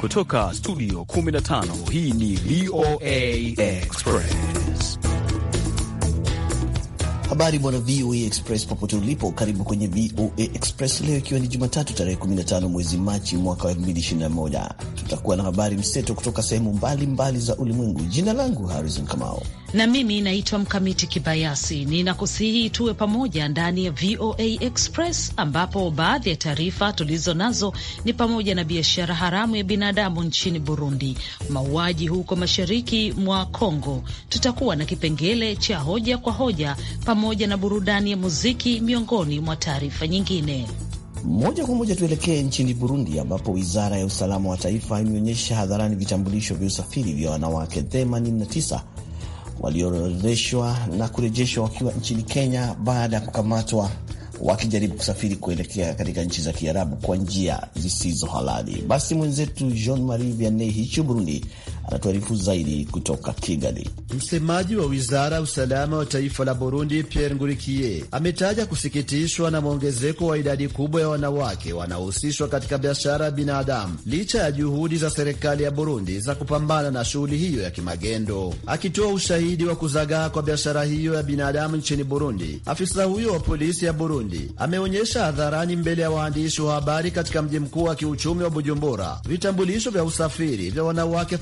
Kutoka studio 15 hii ni VOA Express. Habari bwana VOA Express popote ulipo, karibu kwenye VOA Express leo, ikiwa ni Jumatatu tarehe 15 mwezi Machi mwaka wa 2021. Tutakuwa na habari mseto kutoka sehemu mbalimbali za ulimwengu. Jina langu Harrison Kamao na mimi naitwa Mkamiti Kibayasi. Ninakusihi tuwe pamoja ndani ya VOA Express, ambapo baadhi ya taarifa tulizo nazo ni pamoja na biashara haramu ya binadamu nchini Burundi, mauaji huko mashariki mwa congo Tutakuwa na kipengele cha hoja kwa hoja pamoja na burudani ya muziki, miongoni mwa taarifa nyingine. Moja kwa moja tuelekee nchini Burundi, ambapo wizara ya usalama wa taifa imeonyesha hadharani vitambulisho vya usafiri vya wanawake 89 walioorodheshwa na kurejeshwa wakiwa nchini Kenya baada ya kukamatwa wakijaribu kusafiri kuelekea katika nchi za Kiarabu kwa njia zisizo halali. Basi mwenzetu Jean Marie Vianney hicho Burundi anatuarifu zaidi kutoka Kigali. Msemaji wa wizara ya usalama wa taifa la Burundi, Pierre Ngurikie, ametaja kusikitishwa na mwongezeko wa idadi kubwa ya wanawake wanaohusishwa katika biashara ya binadamu licha ya juhudi za serikali ya Burundi za kupambana na shughuli hiyo ya kimagendo. Akitoa ushahidi wa kuzagaa kwa biashara hiyo ya binadamu nchini Burundi, afisa huyo wa polisi ya Burundi ameonyesha hadharani mbele ya waandishi wa habari katika mji mkuu wa kiuchumi wa Bujumbura vitambulisho vya usafiri vya wanawake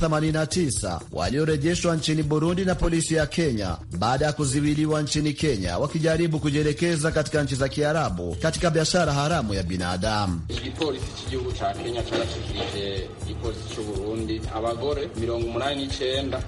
19 waliorejeshwa nchini Burundi na polisi ya Kenya baada ya kuziwiliwa nchini Kenya wakijaribu kujielekeza katika nchi za Kiarabu katika biashara haramu ya binadamu.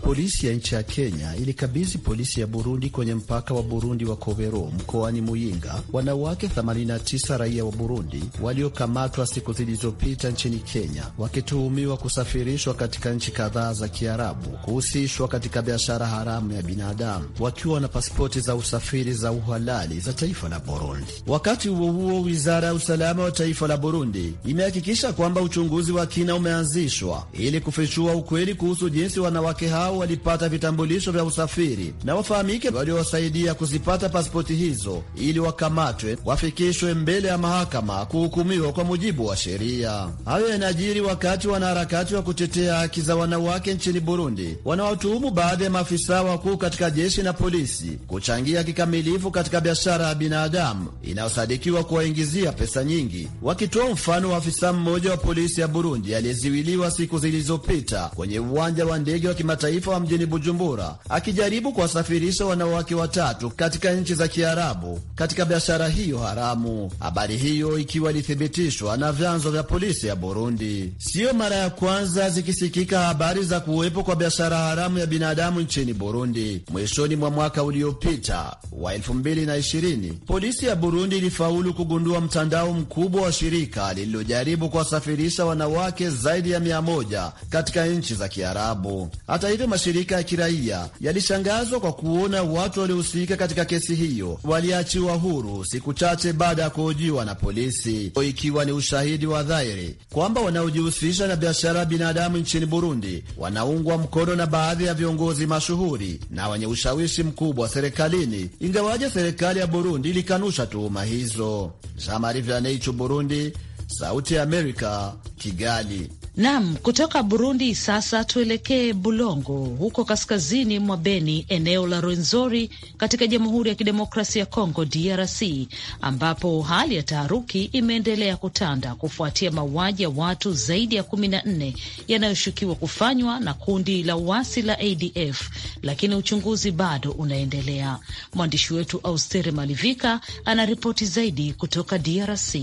Polisi ya nchi ya Kenya ilikabidhi polisi ya Burundi kwenye mpaka wa Burundi wa Kobero mkoani Muyinga wanawake 89 raia wa Burundi waliokamatwa siku zilizopita nchini Kenya wakituhumiwa kusafirishwa katika nchi kadhaa za Kiarabu kuhusishwa katika biashara haramu ya binadamu wakiwa na pasipoti za usafiri za uhalali za taifa la Burundi. Wakati huo huo, wizara ya usalama wa taifa la Burundi imehakikisha kwamba uchunguzi wa kina umeanzishwa ili kufichua ukweli kuhusu jinsi wanawake hao walipata vitambulisho vya usafiri na wafahamike waliowasaidia kuzipata pasipoti hizo ili wakamatwe, wafikishwe mbele ya mahakama kuhukumiwa kwa mujibu wa sheria. Hayo yanajiri wakati wanaharakati wa kutetea haki za wanawake wanawake nchini Burundi wanawatuhumu baadhi ya maafisa wakuu katika jeshi na polisi kuchangia kikamilifu katika biashara ya binadamu inayosadikiwa kuwaingizia pesa nyingi, wakitoa mfano wa afisa mmoja wa polisi ya Burundi aliyeziwiliwa siku zilizopita kwenye uwanja wa ndege wa kimataifa wa mjini Bujumbura akijaribu kuwasafirisha wanawake watatu katika nchi za Kiarabu katika biashara hiyo haramu. Habari hiyo ikiwa ilithibitishwa na vyanzo vya polisi ya Burundi. Siyo mara ya kwanza zikisikika habari za kuwepo kwa biashara haramu ya binadamu nchini Burundi. Mwishoni mwa mwaka uliopita wa 2020, polisi ya Burundi ilifaulu kugundua mtandao mkubwa wa shirika lililojaribu kuwasafirisha wanawake zaidi ya 100 katika nchi za Kiarabu. Hata hivyo, mashirika ya kiraia yalishangazwa kwa kuona watu waliohusika katika kesi hiyo waliachiwa huru siku chache baada ya kuhojiwa na polisi, ikiwa ni ushahidi wa dhahiri kwamba wanaojihusisha na biashara ya binadamu nchini Burundi wanaungwa mkono na baadhi ya viongozi mashuhuri na wenye ushawishi mkubwa serikalini, ingawaje serikali ya Burundi ilikanusha tuhuma hizo. Jean Marie Vianney, Burundi, Sauti ya Amerika, Kigali. Nam, kutoka Burundi sasa tuelekee Bulongo huko kaskazini mwa Beni, eneo la Rwenzori katika Jamhuri ya Kidemokrasia ya Kongo DRC, ambapo hali ya taharuki imeendelea kutanda kufuatia mauaji ya watu zaidi ya kumi na nne yanayoshukiwa kufanywa na kundi la uasi la ADF, lakini uchunguzi bado unaendelea. Mwandishi wetu Austeri Malivika anaripoti zaidi kutoka DRC.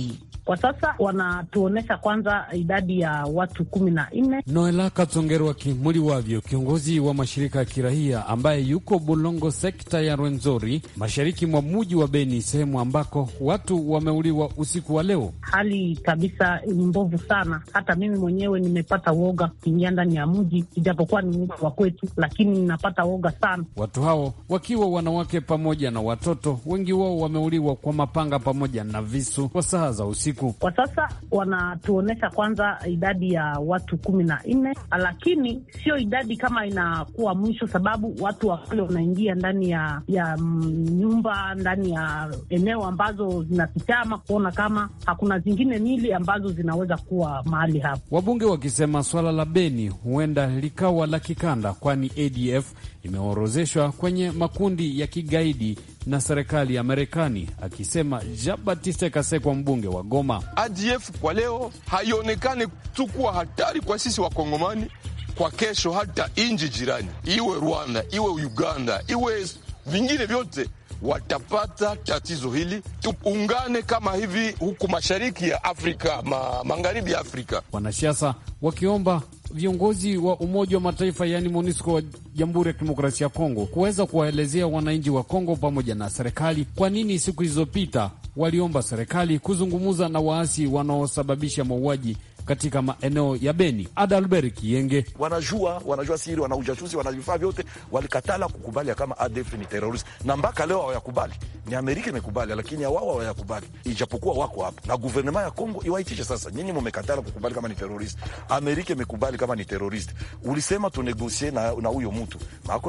Kwa sasa wanatuonyesha kwanza idadi ya watu kumi na nne. Noela Katongerwa Kimuli Wavyo, kiongozi wa mashirika ya kirahia ambaye yuko Bulongo, sekta ya Rwenzori, mashariki mwa muji wa Beni, sehemu ambako watu wameuliwa usiku wa leo. Hali kabisa ni mbovu sana, hata mimi mwenyewe nimepata woga kuingia ndani ya mji, ijapokuwa ni mji wa kwetu, lakini ninapata woga sana. Watu hao wakiwa wanawake pamoja na watoto, wengi wao wameuliwa kwa mapanga pamoja na visu kwa saa za usiku siku? Kwa sasa wanatuonyesha kwanza idadi ya watu kumi na nne, lakini sio idadi kama inakuwa mwisho, sababu watu wakale wanaingia ndani ya ya mm, nyumba ndani ya eneo ambazo zinatichama kuona kama hakuna zingine mili ambazo zinaweza kuwa mahali hapo. Wabunge wakisema swala la Beni huenda likawa la kikanda, kwani ADF imeorozeshwa kwenye makundi ya kigaidi na serikali ya Marekani, akisema Jean Baptiste Kasekwa, mbunge wa Goma. ADF kwa leo haionekani tu kuwa hatari kwa sisi Wakongomani, kwa kesho hata nchi jirani, iwe Rwanda, iwe Uganda, iwe vingine vyote watapata tatizo hili. Tuungane kama hivi huku mashariki ya Afrika ma, magharibi ya Afrika, wanasiasa wakiomba viongozi wa Umoja wa Mataifa yaani MONUSCO wa Jamhuri ya Kidemokrasia ya Kongo kuweza kuwaelezea wananchi wa Kongo pamoja na serikali kwa nini siku zilizopita waliomba serikali kuzungumza na waasi wanaosababisha mauaji katika maeneo ya Beni. Adalbert Kienge: wanajua wanajua siri, wana ujasusi, wana vifaa vyote, walikatala kukubali kama ADF ni terorist na mpaka leo hawayakubali ni Amerika imekubali, lakini awao hawayakubali, ijapokuwa wako hapa na guvernema ya Kongo iwaitishe sasa. Nyinyi mumekatala kukubali kama ni terorist, Amerika imekubali kama ni terorist. Ulisema tunegosie na na huyo mtu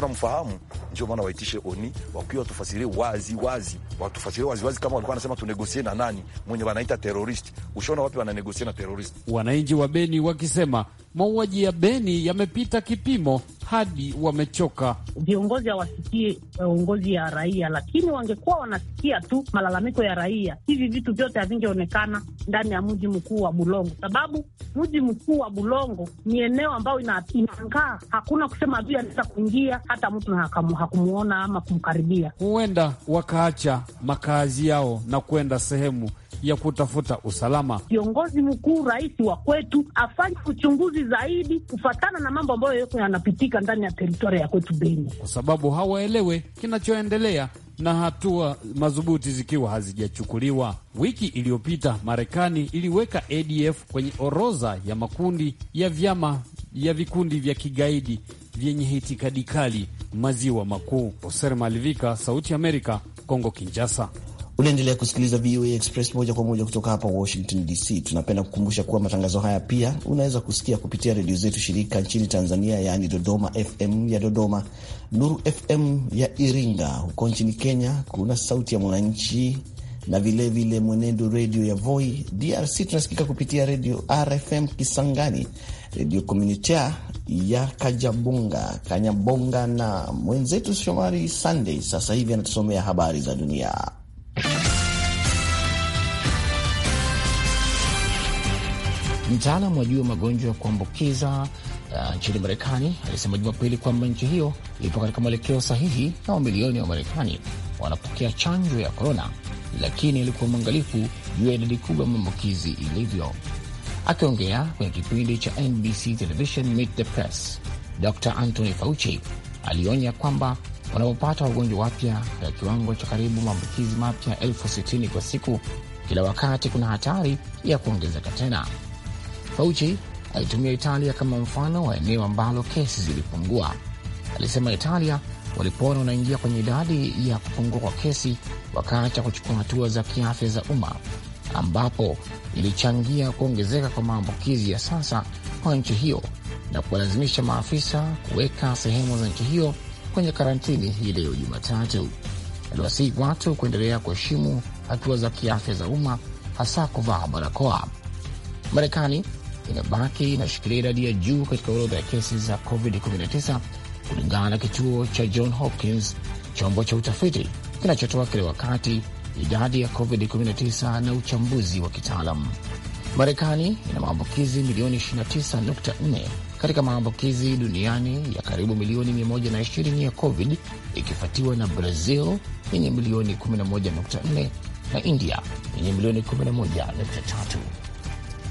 na mfahamu, ndio maana waitishe oni wakiwa watufasirie wazi wazi, watufasirie wazi wazi, kama walikuwa wanasema tunegosie na nani mwenye wanaita terorist. Ushaona wapi wananegosie na terorist? Wananchi wa Beni wakisema mauaji ya Beni yamepita kipimo hadi wamechoka. Viongozi hawasikie eh, uongozi ya raia, lakini wangekuwa wanasikia tu malalamiko ya raia, hivi vitu vyote havingeonekana ndani ya mji mkuu wa Bulongo, sababu mji mkuu wa Bulongo ni eneo ambayo inangaa hakuna kusema adui anaweza kuingia hata mtu hakumwona ama kumkaribia. Huenda wakaacha makazi yao na kwenda sehemu ya kutafuta usalama. Kiongozi mkuu, rais wa kwetu, afanye uchunguzi zaidi kufatana na mambo ambayo yoko yanapitika ndani ya teritoria ya kwetu Beni, kwa sababu hawaelewe kinachoendelea na hatua madhubuti zikiwa hazijachukuliwa. Wiki iliyopita Marekani iliweka ADF kwenye orodha ya makundi ya vyama ya vikundi vya kigaidi vyenye itikadi kali maziwa makuu. Oser Malivika, Sauti Amerika, Kongo Kinjasa. Unaendelea kusikiliza VOA Express moja kwa moja kutoka hapa Washington DC. Tunapenda kukumbusha kuwa matangazo haya pia unaweza kusikia kupitia redio zetu shirika nchini Tanzania, yaani Dodoma FM ya Dodoma, Nuru FM ya Iringa. Huko nchini Kenya kuna Sauti ya Mwananchi na vilevile vile Mwenendo redio ya Voi. DRC tunasikika kupitia redio RFM Kisangani, redio Communitaire ya Kajabonga Kanyabonga, na mwenzetu Shomari Sunday sasa hivi anatusomea habari za dunia. Mtaalamu wa juu wa magonjwa ya kuambukiza uh, nchini Marekani alisema Jumapili kwamba nchi hiyo ipo katika mwelekeo sahihi na mamilioni wa marekani wanapokea chanjo ya korona, lakini alikuwa mwangalifu juu ya idadi kubwa ya maambukizi ilivyo. Akiongea kwenye kipindi cha NBC Television Meet the Press, Dr Anthony Fauci alionya kwamba wanapopata wagonjwa wapya katika kiwango cha karibu maambukizi mapya elfu sitini kwa siku kila wakati, kuna hatari ya kuongezeka tena. Fauci alitumia Italia kama mfano wa eneo ambalo kesi zilipungua. Alisema Italia walipona wanaingia kwenye idadi ya kupungua kwa kesi, wakaacha kuchukua hatua za kiafya za umma, ambapo ilichangia kuongezeka kwa maambukizi ya sasa kwa nchi hiyo na kuwalazimisha maafisa kuweka sehemu za nchi hiyo kwenye karantini hii leo Jumatatu. Aliwasihi watu kuendelea kuheshimu hatua za kiafya za umma, hasa kuvaa barakoa. Marekani inabaki inashikilia idadi ya juu katika orodha ya kesi za COVID-19 kulingana na kituo cha John Hopkins, chombo cha utafiti kinachotoa kila wakati idadi ya COVID-19 na uchambuzi wa kitaalam. Marekani ina maambukizi milioni 29.4 katika maambukizi duniani ya karibu milioni 120 ya COVID, ikifuatiwa na Brazil yenye milioni 11.4 na India yenye milioni 11.3.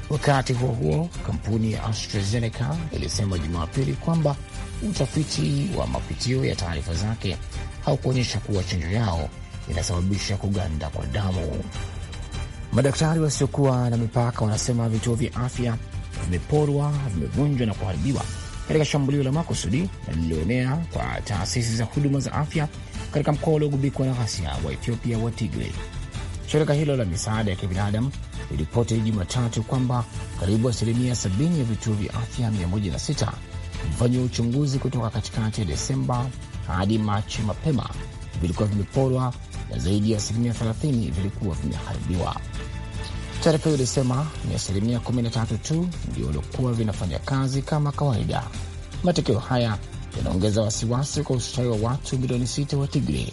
Wakati huo huo, kampuni ya AstraZeneca ilisema Jumapili kwamba utafiti wa mapitio ya taarifa zake haukuonyesha kuwa chanjo yao inasababisha kuganda kwa damu. Madaktari wasiokuwa na mipaka wanasema vituo vya afya vimeporwa, vimevunjwa na kuharibiwa katika shambulio la makusudi lililoenea kwa taasisi za huduma za afya katika mkoa uliogubikwa na ghasia wa Ethiopia wa Tigray. Shirika hilo la misaada ya kibinadamu liripoti Jumatatu kwamba karibu asilimia 70 ya vituo vya afya 106 vimefanyiwa uchunguzi kutoka katikati ya Desemba hadi Machi mapema vilikuwa vimeporwa na zaidi ya asilimia 30 vilikuwa vimeharibiwa. Taarifa hiyo ilisema ni asilimia 13 tu ndio waliokuwa vinafanya kazi kama kawaida. Matokeo haya yanaongeza wasiwasi kwa ustawi wa watu milioni 6 wa Tigre.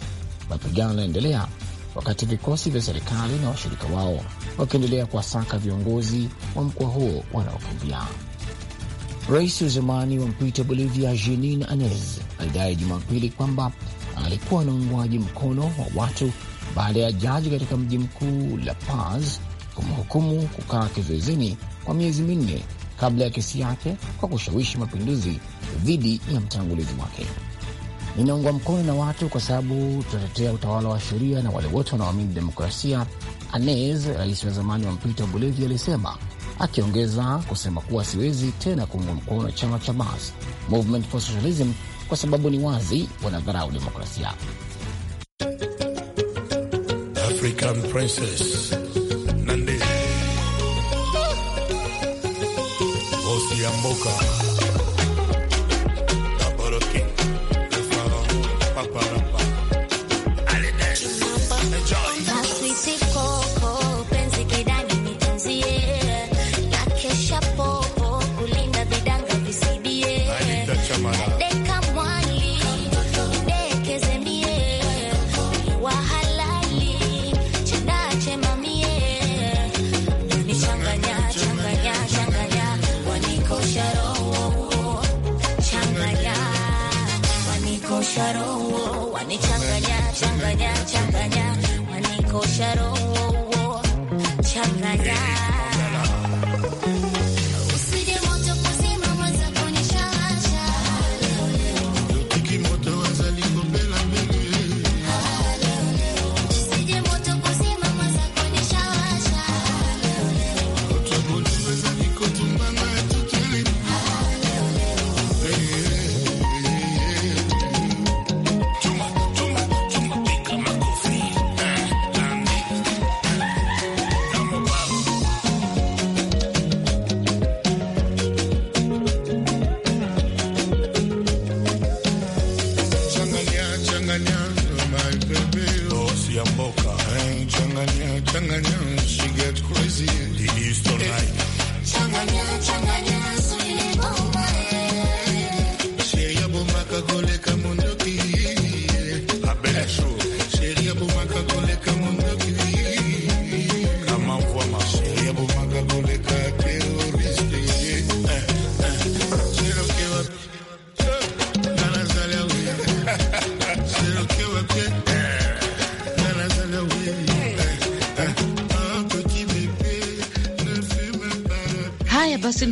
Mapigano yanaendelea wakati vikosi vya serikali na washirika wao wakiendelea kuwasaka viongozi wa mkoa huo wanaokimbia. Rais wa zamani wa mpito Bolivia jenin Anez alidai Jumapili kwamba alikuwa na uungwaji mkono wa watu baada ya jaji katika mji mkuu La Paz kumhukumu kukaa kizuizini kwa miezi minne kabla ya kesi yake kwa kushawishi mapinduzi dhidi ya mtangulizi wake ninaungwa mkono na watu kwa sababu tunatetea utawala wa sheria na wale wote wanaoamini demokrasia, Anez, rais wa zamani wa mpito wa Bolivia, alisema akiongeza kusema kuwa siwezi tena kuungwa mkono chama cha MAS, Movement for Socialism, kwa sababu ni wazi wanadharau demokrasia. African Princess Nandi Bosi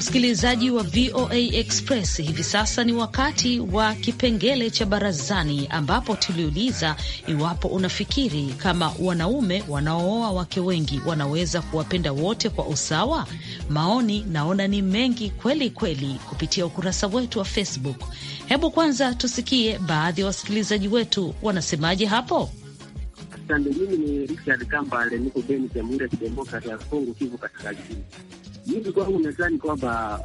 msikilizaji wa VOA Express, hivi sasa ni wakati wa kipengele cha barazani, ambapo tuliuliza iwapo unafikiri kama wanaume wanaooa wake wengi wanaweza kuwapenda wote kwa usawa. Maoni naona ni mengi kweli kweli kupitia ukurasa wetu wa Facebook. Hebu kwanza tusikie baadhi ya wasikilizaji wetu wanasemaje hapo. Asante. mimi ni Richard Kambale, niko Beni, Jamhuri ya Kidemokrasia ya Kongo, Kivu Kaskazini mtu kwangu nadhani kwamba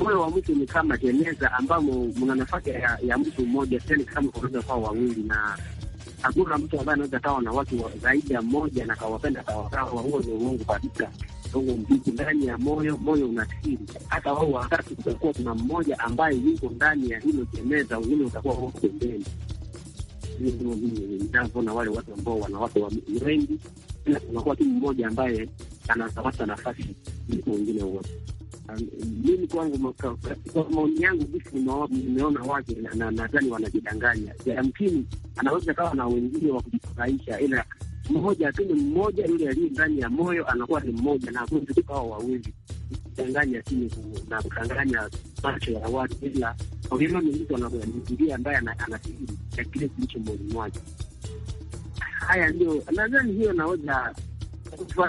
moyo wa mtu ni kama jeneza ambamo mna nafasi ya, ya mtu mmoja, tena kama kunaweza kuwa wawili, na hakuna mtu ambaye anaweza kawa na watu zaidi ya mmoja na kawapenda kawakawa. Huo ni uongo kabisa, uongo mbiki Ndani ya moyo, moyo unasiri Hata wao wakati kutakuwa kuna mmoja ambaye yuko ndani ya hilo jeneza, wengine utakuwa wao pembeni. Hiyo ndio mimi ninavyoona wale watu ambao wanawake wengi, ila kunakuwa tu mmoja ambaye anakamata nafasi kuliko wengine wote. Eh, mimi kwangu, kwa maoni yangu, bisi nimeona wake, nadhani wanajidanganya. Yamkini anaweza kawa na wengine wa kujifurahisha, ila mmoja tu ni mmoja, yule aliye ndani ya moyo anakuwa ni mmoja, na akuwezi kuwa wawili kudanganya simu na kudanganya macho ya watu, ila wema ni mtu anamjilia ambaye anasiri ya kile kilicho moyoni mwake. Haya ndio nadhani hiyo naweza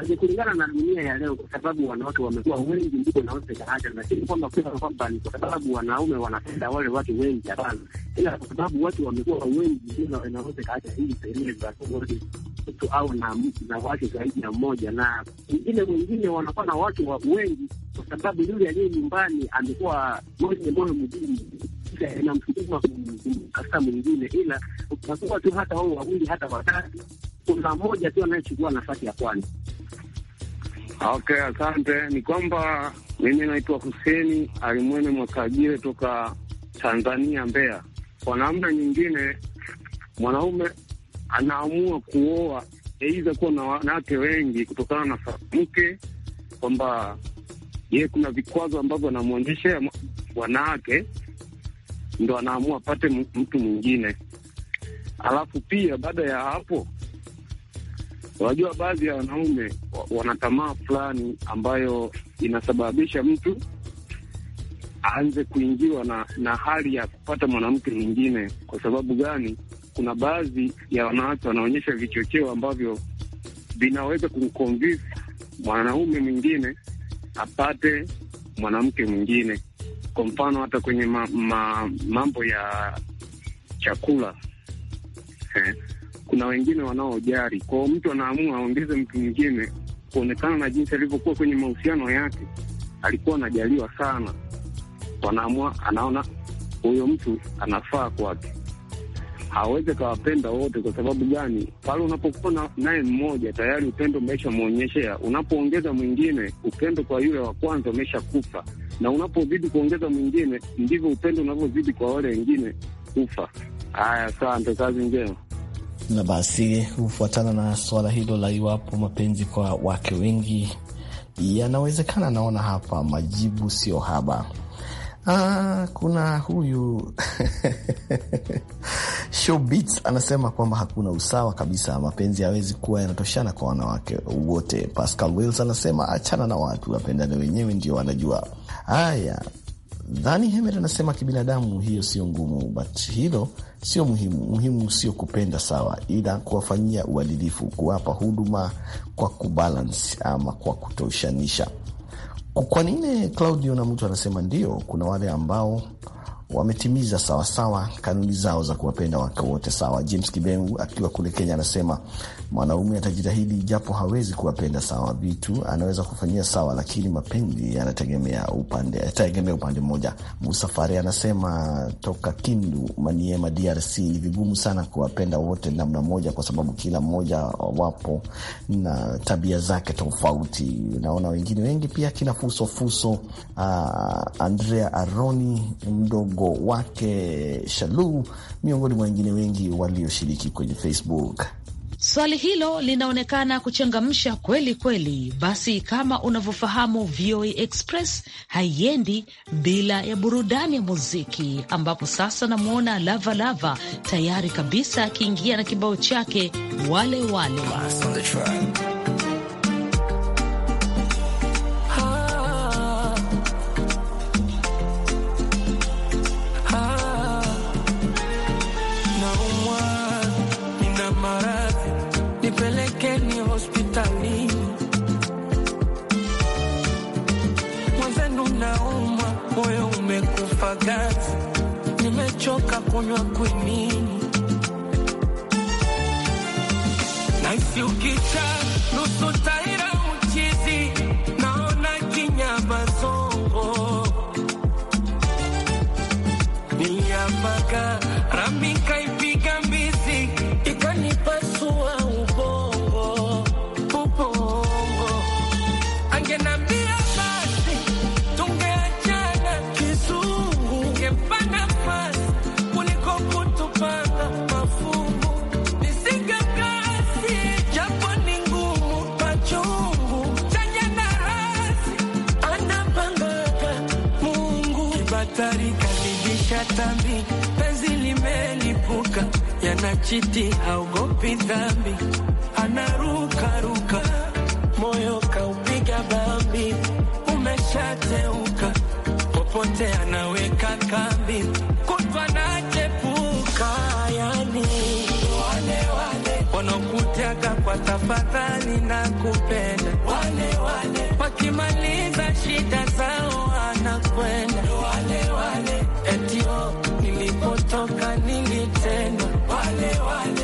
ni kulingana na dunia ya leo, kwa sababu wanawake wamekuwa wengi ndio naotea haja, lakini kwamba kusema kwamba ni kwa sababu wanaume wanapenda wale watu wengi, hapana, ila kwa sababu watu wamekuwa wengi ndio inaotea haja hii sheria za mtu au na na wake zaidi ya mmoja, na ile wengine wanakuwa na watu wa wengi kwa sababu yule aliye nyumbani amekuwa mwenye moyo mgumu inamsukuma kumkasa mwingine, ila unakuwa tu hata wao wawili hata watatu kuna mmoja tu anayechukua nafasi ya kwanza. Okay, asante. Ni kwamba mimi naitwa Huseni Alimwene Mwakajire toka Tanzania, Mbeya. Kwa namna nyingine, mwanaume anaamua kuoa aidha kuwa na wanawake wengi kutokana na mke kwamba ye kuna vikwazo ambavyo anamwonyeshea wanawake, ndo anaamua apate mtu mwingine. Alafu pia baada ya hapo Unajua, baadhi ya wanaume wana tamaa fulani ambayo inasababisha mtu aanze kuingiwa na, na hali ya kupata mwanamke mwingine. Kwa sababu gani? Kuna baadhi ya wanawake wanaonyesha vichocheo ambavyo vinaweza kumconvince mwanaume mwingine apate mwanamke mwingine. Kwa mfano hata kwenye ma, ma, mambo ya chakula eh kuna wengine wanaojari kwao, mtu anaamua aongeze mtu mwingine kuonekana na jinsi alivyokuwa kwenye mahusiano yake, alikuwa anajaliwa sana, wanaamua anaona huyo mtu anafaa kwake, hawezi akawapenda wote. Kwa sababu gani? Pale unapokuwa naye mmoja tayari upendo umesha mwonyeshea, unapoongeza mwingine upendo kwa yule wa kwanza umeshakufa, na unapozidi kuongeza mwingine ndivyo upendo unavyozidi kwa wale wengine kufa. Haya, asante, kazi njema na basi hufuatana na suala hilo la iwapo mapenzi kwa wake wengi yanawezekana. Naona hapa majibu sio haba. Ah, kuna huyu anasema kwamba hakuna usawa kabisa, mapenzi hawezi kuwa yanatoshana kwa wanawake wote. Pascal Wills anasema achana na watu, wapendane wenyewe ndio wanajua. Haya, Dhani Hemet anasema kibinadamu hiyo sio ngumu, but hilo sio muhimu. Muhimu sio kupenda sawa, ila kuwafanyia uadilifu, kuwapa huduma kwa kubalance ama kwa kutoshanisha. Kwa nini Claudio na mtu anasema ndio, kuna wale ambao wametimiza sawasawa kanuni zao za kuwapenda wake wote sawa. James Kibengu akiwa kule Kenya anasema Mwanaume atajitahidi japo hawezi kuwapenda sawa, vitu anaweza kufanyia sawa, lakini mapenzi yanategemea upande, yataegemea upande mmoja. Musa Fare anasema toka Kindu, Maniema, DRC, ni vigumu sana kuwapenda wote namna moja, kwa sababu kila mmoja wapo na tabia zake tofauti. Naona wengine wengi pia kina fuso fuso. Uh, Andrea Aroni mdogo wake Shalu, miongoni mwa wengine wengi walioshiriki kwenye Facebook. Swali hilo linaonekana kuchangamsha kweli kweli. Basi kama unavyofahamu, VOA Express haiendi bila ya burudani ya muziki, ambapo sasa namwona Lava Lava tayari kabisa akiingia na kibao chake wale wale. kwa nimechoka kunywa kwinini, naisi ukicha dhambi, penzi limelipuka, yanachiti haogopi dhambi, anarukaruka, moyo kaupiga bambi, umeshateuka, popote anaweka kambi, kutwa chepuka, yani wanaokutaka kwa tafadhali na kupenda wale, wale wakimaliza shida zao anakwenda wale, wale kutoka ningitenda wale wale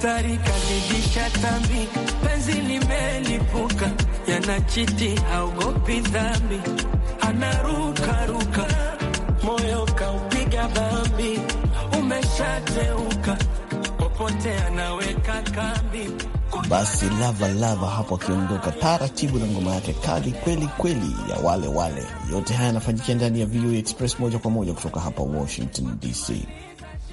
daktari kazidisha tambi, penzi limelipuka, yanachiti haogopi dhambi, anarukaruka, moyo kaupiga dhambi, umeshateuka popote anaweka kambi. Basi lava lava hapo akiondoka taratibu na ngoma yake kali kweli kweli ya wale wale. Yote haya yanafanyikia ndani ya VOA Express moja kwa moja kutoka hapa Washington DC.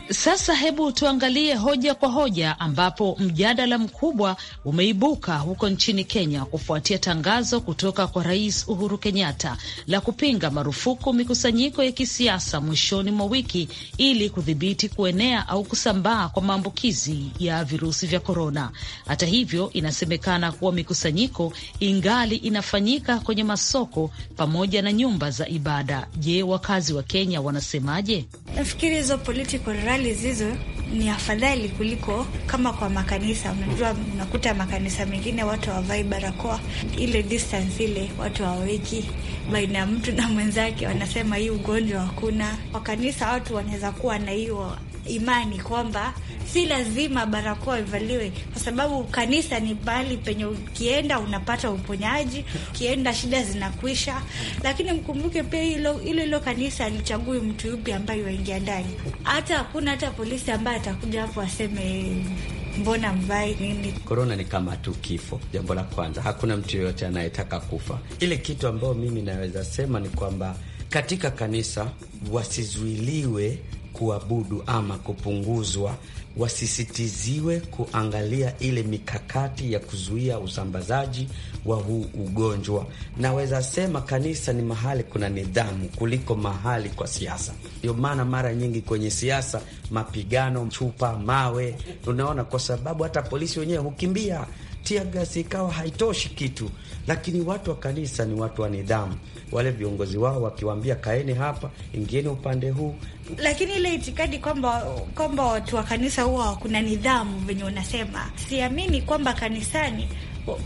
Sasa hebu tuangalie hoja kwa hoja, ambapo mjadala mkubwa umeibuka huko nchini Kenya kufuatia tangazo kutoka kwa Rais Uhuru Kenyatta la kupinga marufuku mikusanyiko ya kisiasa mwishoni mwa wiki ili kudhibiti kuenea au kusambaa kwa maambukizi ya virusi vya korona. Hata hivyo, inasemekana kuwa mikusanyiko ingali inafanyika kwenye masoko pamoja na nyumba za ibada. Je, wakazi wa Kenya wanasemaje? Nafikiri hizo political hospitali zizo ni afadhali kuliko kama kwa makanisa. Unajua, unakuta makanisa mengine watu hawavai barakoa, ile distance ile watu hawaweki baina ya mtu na mwenzake, wanasema hii ugonjwa hakuna. Kwa kanisa watu wanaweza kuwa na hiyo imani kwamba si lazima barakoa ivaliwe, kwa sababu kanisa ni pahali penye ukienda unapata uponyaji, ukienda shida zinakuisha. Lakini mkumbuke pia hilo hilo kanisa alichagui mtu yupi ambaye waingia ndani. Hata hakuna hata polisi ambaye atakuja hapo aseme mbona mvai nini? Korona ni kama tu kifo. Jambo la kwanza, hakuna mtu yoyote anayetaka kufa. Ile kitu ambayo mimi naweza sema ni kwamba katika kanisa wasizuiliwe kuabudu ama kupunguzwa, wasisitiziwe kuangalia ile mikakati ya kuzuia usambazaji wa huu ugonjwa. Naweza sema kanisa ni mahali kuna nidhamu kuliko mahali kwa siasa. Ndio maana mara nyingi kwenye siasa mapigano, chupa, mawe, unaona, kwa sababu hata polisi wenyewe hukimbia, tia gasi ikawa haitoshi kitu, lakini watu wa kanisa ni watu wa nidhamu wale viongozi wao wakiwaambia kaeni hapa, ingieni upande huu. Lakini ile itikadi kwamba kwamba watu wa kanisa huwa kuna nidhamu venye unasema, siamini kwamba kanisani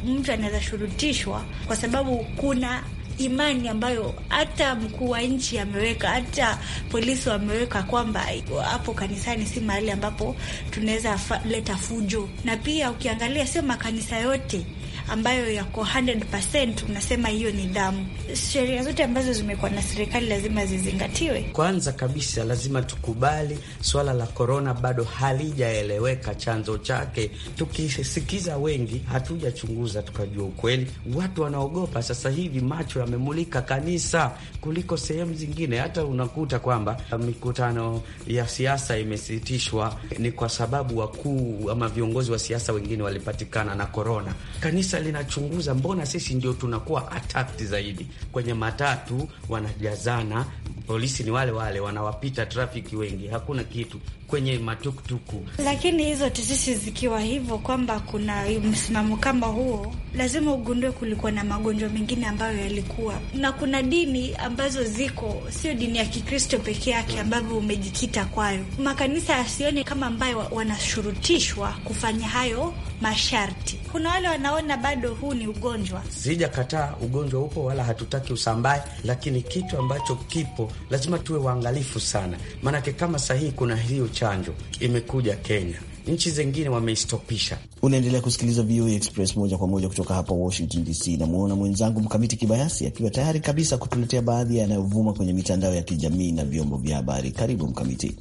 mtu anaweza shurutishwa kwa sababu kuna imani ambayo hata mkuu wa nchi ameweka, hata polisi wameweka kwamba hapo kanisani si mahali ambapo tunaweza leta fujo. Na pia ukiangalia, sio makanisa yote ambayo yako 100%, unasema hiyo ni damu. Sheria zote ambazo zimekuwa na serikali lazima zizingatiwe. Kwanza kabisa, lazima tukubali swala la korona bado halijaeleweka chanzo chake. Tukisikiza wengi, hatujachunguza tukajua ukweli. Watu wanaogopa sasa hivi, macho yamemulika kanisa kuliko sehemu zingine. Hata unakuta kwamba mikutano ya siasa imesitishwa ni kwa sababu wakuu ama viongozi wa siasa wengine walipatikana na korona. Kanisa kabisa linachunguza mbona sisi ndio tunakuwa attacked zaidi kwenye matatu, wanajazana polisi ni wale wale, wanawapita trafiki wengi, hakuna kitu kwenye matukutuku Lakini hizo tisisi zikiwa hivyo kwamba kuna msimamo kama huo, lazima ugundue kulikuwa na magonjwa mengine ambayo yalikuwa na, kuna dini ambazo ziko sio dini ya Kikristo peke yake ambavyo umejikita kwayo. Makanisa yasione kama ambayo wanashurutishwa kufanya hayo masharti. Kuna wale wanaona bado huu ni ugonjwa. Sijakataa ugonjwa upo, wala hatutaki usambae, lakini kitu ambacho kipo lazima tuwe waangalifu sana, maanake kama sahihi kuna hiyo chanjo imekuja Kenya, nchi zingine wameistopisha. Unaendelea kusikiliza VOA Express moja kwa moja kutoka hapa Washington DC. Namwona mwenzangu Mkamiti Kibayasi akiwa tayari kabisa kutuletea baadhi yanayovuma kwenye mitandao ya kijamii na vyombo vya habari. Karibu Mkamiti.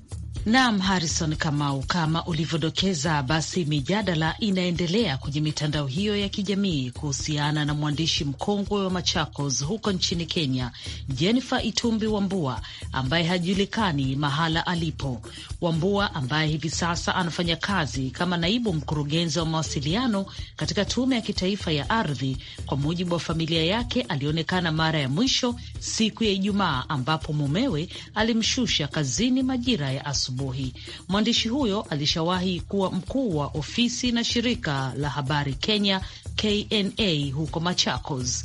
Naam, Harrison Kamau, kama ulivyodokeza, basi mijadala inaendelea kwenye mitandao hiyo ya kijamii kuhusiana na mwandishi mkongwe wa Machakos huko nchini Kenya, Jennifer Itumbi Wambua ambaye hajulikani mahala alipo. Wambua ambaye hivi sasa anafanya kazi kama naibu mkurugenzi wa mawasiliano katika Tume ya Kitaifa ya Ardhi. Kwa mujibu wa familia yake, alionekana mara ya mwisho siku ya Ijumaa ambapo mumewe alimshusha kazini majira ya asu asubuhi. Mwandishi huyo alishawahi kuwa mkuu wa ofisi na shirika la habari Kenya KNA huko Machakos.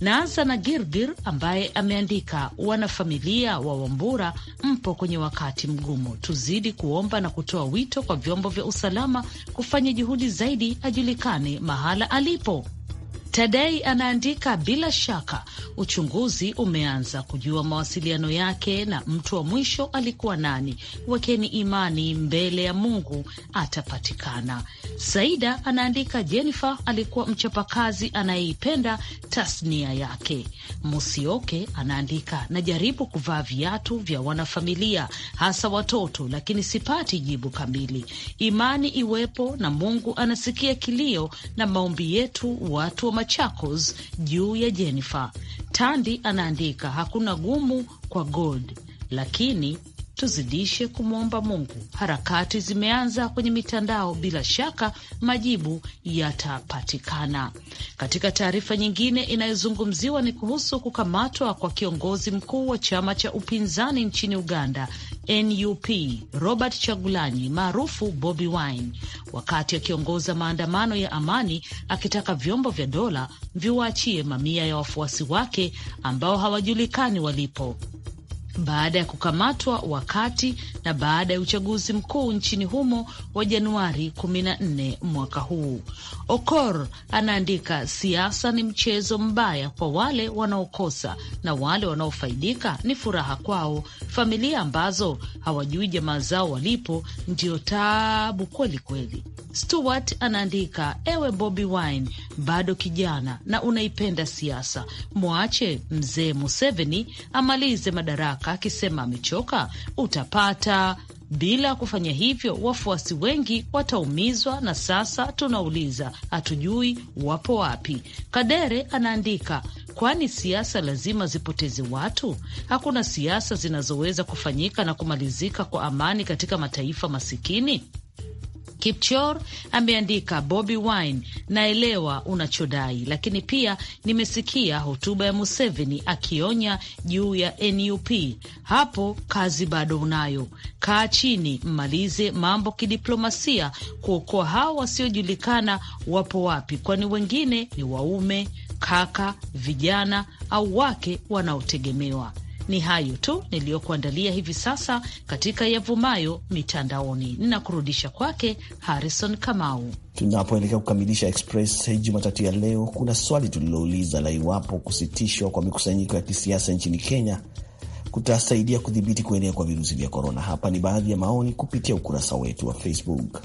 Naanza na Girgir ambaye ameandika, wanafamilia wa Wambura mpo kwenye wakati mgumu, tuzidi kuomba na kutoa wito kwa vyombo vya usalama kufanya juhudi zaidi ajulikane mahala alipo. Tadei anaandika bila shaka uchunguzi umeanza kujua mawasiliano yake na mtu wa mwisho alikuwa nani. Wekeni imani mbele ya Mungu atapatikana. Saida anaandika Jennifer alikuwa mchapakazi anayeipenda tasnia yake. Musioke anaandika najaribu kuvaa viatu vya wanafamilia hasa watoto, lakini sipati jibu kamili. Imani iwepo na Mungu anasikia kilio na maombi yetu watu wa Machakos juu ya Jennifer Tandi anaandika, hakuna gumu kwa God, lakini tuzidishe kumwomba Mungu. Harakati zimeanza kwenye mitandao, bila shaka majibu yatapatikana. Katika taarifa nyingine inayozungumziwa ni kuhusu kukamatwa kwa kiongozi mkuu wa chama cha upinzani nchini Uganda NUP Robert Chagulanyi maarufu Bobi Wine wakati akiongoza maandamano ya amani akitaka vyombo vya dola viwaachie mamia ya wafuasi wake ambao hawajulikani walipo baada ya kukamatwa wakati na baada ya uchaguzi mkuu nchini humo wa Januari 14 mwaka huu. Okor anaandika, siasa ni mchezo mbaya kwa wale wanaokosa na wale wanaofaidika ni furaha kwao. Familia ambazo hawajui jamaa zao walipo ndio taabu kweli kweli. Stuart anaandika, ewe Bobi Wine, bado kijana na unaipenda siasa, mwache mzee Museveni amalize madaraka madaraka akisema amechoka, utapata bila kufanya hivyo, wafuasi wengi wataumizwa, na sasa tunauliza, hatujui wapo wapi. Kadere anaandika, kwani siasa lazima zipoteze watu? Hakuna siasa zinazoweza kufanyika na kumalizika kwa amani katika mataifa masikini. Kipchor ameandika Bobi Wine, naelewa unachodai, lakini pia nimesikia hotuba ya Museveni akionya juu ya NUP. Hapo kazi bado unayo, kaa chini, mmalize mambo kidiplomasia, kuokoa hao wasiojulikana. Wapo wapi? Kwani wengine ni waume, kaka, vijana au wake wanaotegemewa. Ni hayo tu niliyokuandalia hivi sasa katika yavumayo mitandaoni. Ninakurudisha kwake Harrison Kamau. Tunapoelekea kukamilisha Express Jumatatu ya leo, kuna swali tulilouliza la iwapo kusitishwa kwa mikusanyiko ya kisiasa nchini Kenya kutasaidia kudhibiti kuenea kwa virusi vya korona. Hapa ni baadhi ya maoni kupitia ukurasa wetu wa Facebook.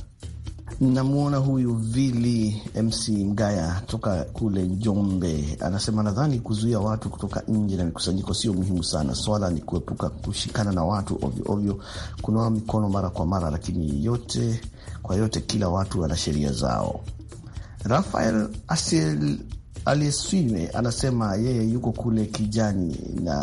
Namwona huyu Vili MC Mgaya toka kule Njombe, anasema nadhani kuzuia watu kutoka nje na mikusanyiko sio muhimu sana. Swala ni kuepuka kushikana na watu ovyoovyo, kunawa mikono mara kwa mara, lakini yote kwa yote, kila watu wana sheria zao. Rafael Asiel Aliyeswime anasema yeye yuko kule Kijani, na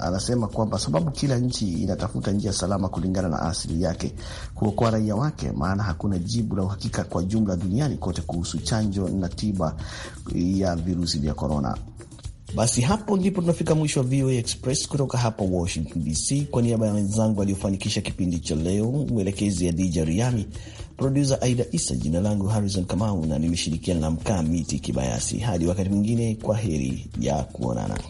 anasema kwamba sababu kila nchi inatafuta njia salama kulingana na asili yake kuokoa raia wake, maana hakuna jibu la uhakika kwa jumla duniani kote kuhusu chanjo na tiba ya virusi vya korona. Basi hapo ndipo tunafika mwisho wa VOA Express kutoka hapa Washington DC. Kwa niaba ya wenzangu waliofanikisha kipindi cha leo, mwelekezi Adija Riami, produsa Aida Isa, jina langu Harrison Kamau na nimeshirikiana na mkaa miti Kibayasi. Hadi wakati mwingine, kwa heri ya kuonana.